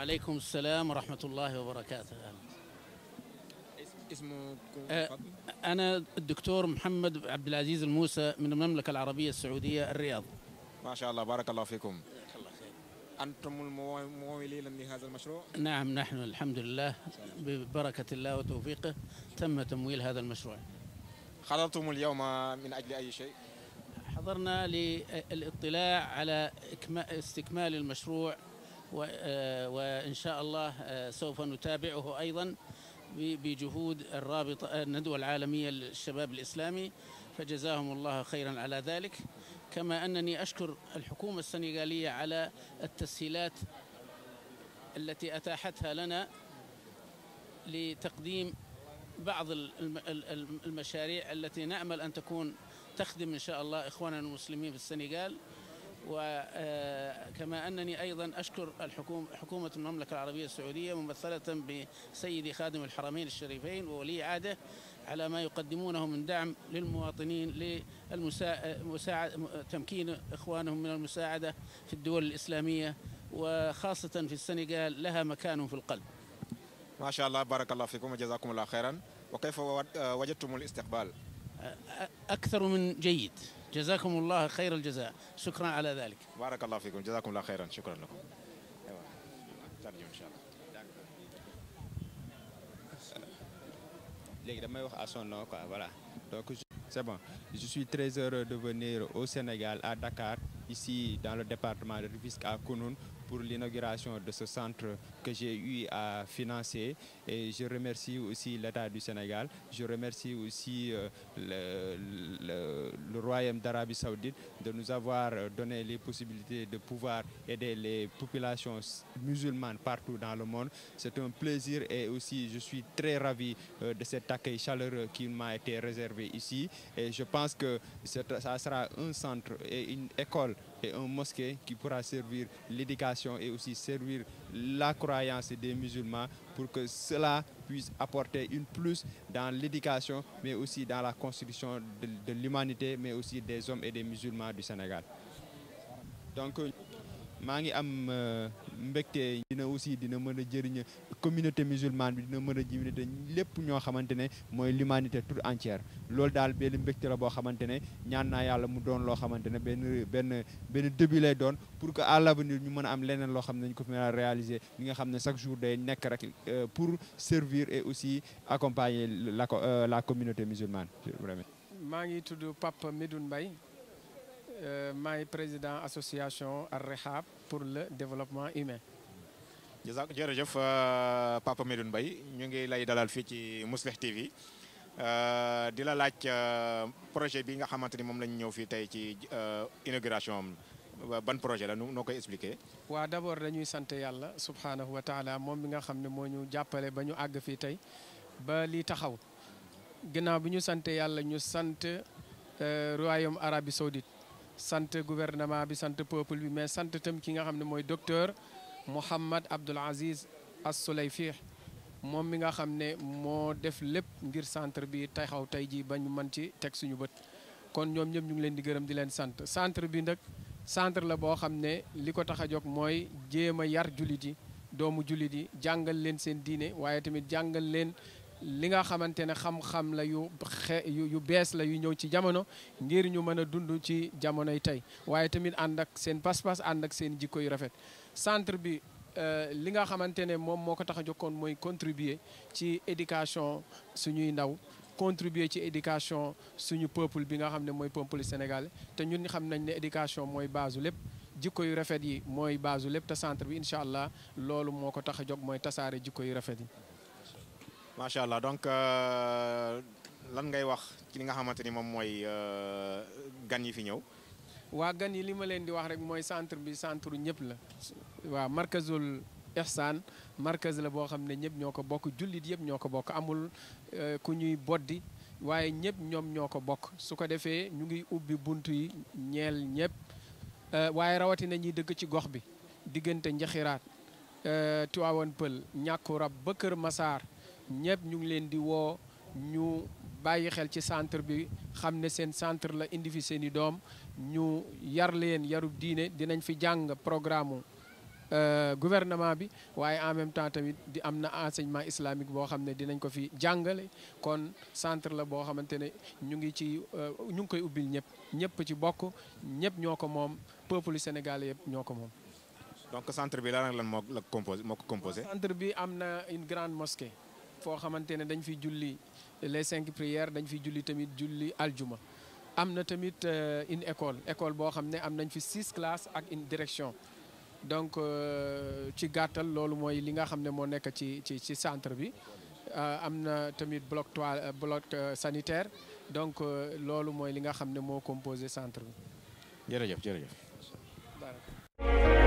وعليكم السلام ورحمة الله وبركاته اسمه أنا الدكتور محمد عبد العزيز الموسى من المملكة العربية السعودية الرياض ما شاء الله بارك الله فيكم الله خير. أنتم الممولين لهذا المشروع؟ نعم نحن الحمد لله ببركة الله وتوفيقه تم تمويل هذا المشروع حضرتم اليوم من أجل أي شيء؟ حضرنا للاطلاع على استكمال المشروع وإن شاء الله سوف نتابعه أيضا بجهود الرابطة الندوة العالمية للشباب الإسلامي فجزاهم الله خيرا على ذلك كما أنني أشكر الحكومة السنغالية على التسهيلات التي أتاحتها لنا لتقديم بعض المشاريع التي نأمل أن تكون تخدم إن شاء الله إخواننا المسلمين في السنغال و كما أنني أيضا أشكر الحكومة حكومة المملكة العربية السعودية ممثلة بسيدي خادم الحرمين الشريفين وولي عهده على ما يقدمونه من دعم للمواطنين للمساعدة تمكين إخوانهم من المساعدة في الدول الإسلامية وخاصة في السنغال لها مكان في القلب ما شاء الله بارك الله فيكم وجزاكم الله خيرا وكيف وجدتم الاستقبال أكثر من جيد جزاكم الله خير الجزاء شكرا على ذلك بارك الله فيكم جزاكم الله خيرا شكرا لكم ايوه ترجم ان شاء الله léegi damay wax à son nom quoi voilà donc c'est bon je suis très heureux de venir au Sénégal à Dakar ici dans le département de Rufisque à Kounoun pour l'inauguration de centre que j'ai eu à financer et je remercie aussi l'État du Sénégal, je remercie aussi euh, le, le, le Royaume d'Arabie Saoudite de nous avoir donné les possibilités de pouvoir aider les populations musulmanes partout dans le monde. C'est un plaisir et aussi je suis très ravi euh, de cet accueil chaleureux qui m'a été réservé ici et je pense que ça sera un centre et une école et un mosquée qui pourra servir l'éducation et aussi servir la croyance des musulmans pour que cela puisse apporter une plus dans l'éducation, mais aussi dans la construction de, l'humanité, mais aussi des hommes et des musulmans du Sénégal. maa ngi am euh, mbégte dina aussi dina mën a jëriñ communauté musulmane bi dina mën a jëriñ te lépp ñoo xamante ne mooy l'humanité tout entière loolu daal benn mbégte la boo xamante ne ñaan naa yàlla mu doon loo xamante ne benn benn benn début lay doon pour que à l'avenir ñu mën a am leneen loo xam ne dañ ko fi mën a réaliser li nga xam ne chaque jour day nekk rek euh, pour servir et aussi accompagner la euh, la communauté musulmane. maa ngi tudd Pape Medoune Mbaye Euh, maay président association Ar-Rehab pour le développement humain. jazaak jërëjëf euh, Papa Medoune Mbaye ñu ngi lay dalal fii ci Mouslih euh, TV di la laaj projet bi nga xamante ni moom lañ ñëw fii tey ci inauguration am ban projet la noo koy expliquer. waaw d'abord dañuy sant yàlla subhanahu wa taala moom bi nga xam ne moo ñu jàppale ba ñu àgg fii tey ba li taxaw ginnaaw bi ñu sant yàlla ñu sant royaume Arabie Saoudite sant gouvernement bi sant peuple bi mais sant itam ki nga xam ne mooy docteur Mouhammad Abdoul Aziz As-Soulayfi moom mi nga xam ne moo def lépp ngir centre bi xaw tey jii ba ñu mën ci teg suñu bët kon ñoom ñëpp ñu ngi leen di gërëm di leen sant centre bi nag centre la boo xam ne li ko tax a jóg mooy jéem a yar jullit yi doomu jullit yi jàngal leen seen diine waaye tamit jàngal leen li nga xamante ne xam-xam la yu xe yu bees la yu ñëw ci jamono ngir ñu mën a dund ci jamonoy tey waaye tamit ànd ak seen pas-pas ànd ak seen jikko yu rafet centre bi euh, li nga xamante ne moom moo ko tax a jokkoon mooy contribuer ci éducation suñuy ndaw contribuer ci éducation suñu peuple bi nga xam ne mooy peuple sénégal te ñun xam nañ ne éducation mooy baasu lépp jikko yu rafet yi mooy baasu lépp te centre bi incha allah loolu moo ko tax a jóg mooy tasaare jikko yu rafet yi macha allah donc euh, lan ngay wax ci li nga xamante ni moom mooy euh, gan yi fi ñëw. waa gan yi li ma leen di wax rek mooy centre bi centre ñëpp la waaw markazul ihsan markaz la boo xam ne ñëpp ñoo ko bokk jullit yëpp ñoo ko bokk amul euh, ku ñuy boddi waaye ñëpp ñoom ñoo ko bokk su ko defee ñu ngi ubbi bunt yi ñeel ñëpp waaye rawatina ñuy dëkk ci gox bi diggante njaxiraat Tiwaawan Pël ñàkku rab ba Kër Masaar ñëpp ñu ngi leen di woo ñu bàyyi xel ci centre bi xam ne seen centre la indi fi seen i doom ñu yar leen yarub diine dinañ fi jàng programme euh, gouvernement bi waaye en même temps tamit di am na enseignement islamique boo xam ne dinañ ko fi jàngale kon centre la boo xamante ne ñu ngi ci euh, ñu ngi koy ubbil ñëpp ñëpp ci bokk ñëpp ñoo ko moom peuple sénégalais yëpp ñoo ko moom. donc centre bi lan ak lan moo la composé moo ko composé. centre bi am na une grande mosquée. foo xamante ne dañ fiy julli les cinq prières dañ fiy julli tamit julli aljuma am na tamit euh, une école école boo xam ne am nañ fi six classes ak une direction donc euh, ci gàttal loolu mooy li nga xam ne moo nekk ci ci ci centre bi euh, am na tamit bloc toile bloc sanitaire donc loolu mooy li nga xam ne moo composé centre bi jërëjëf jërëjëf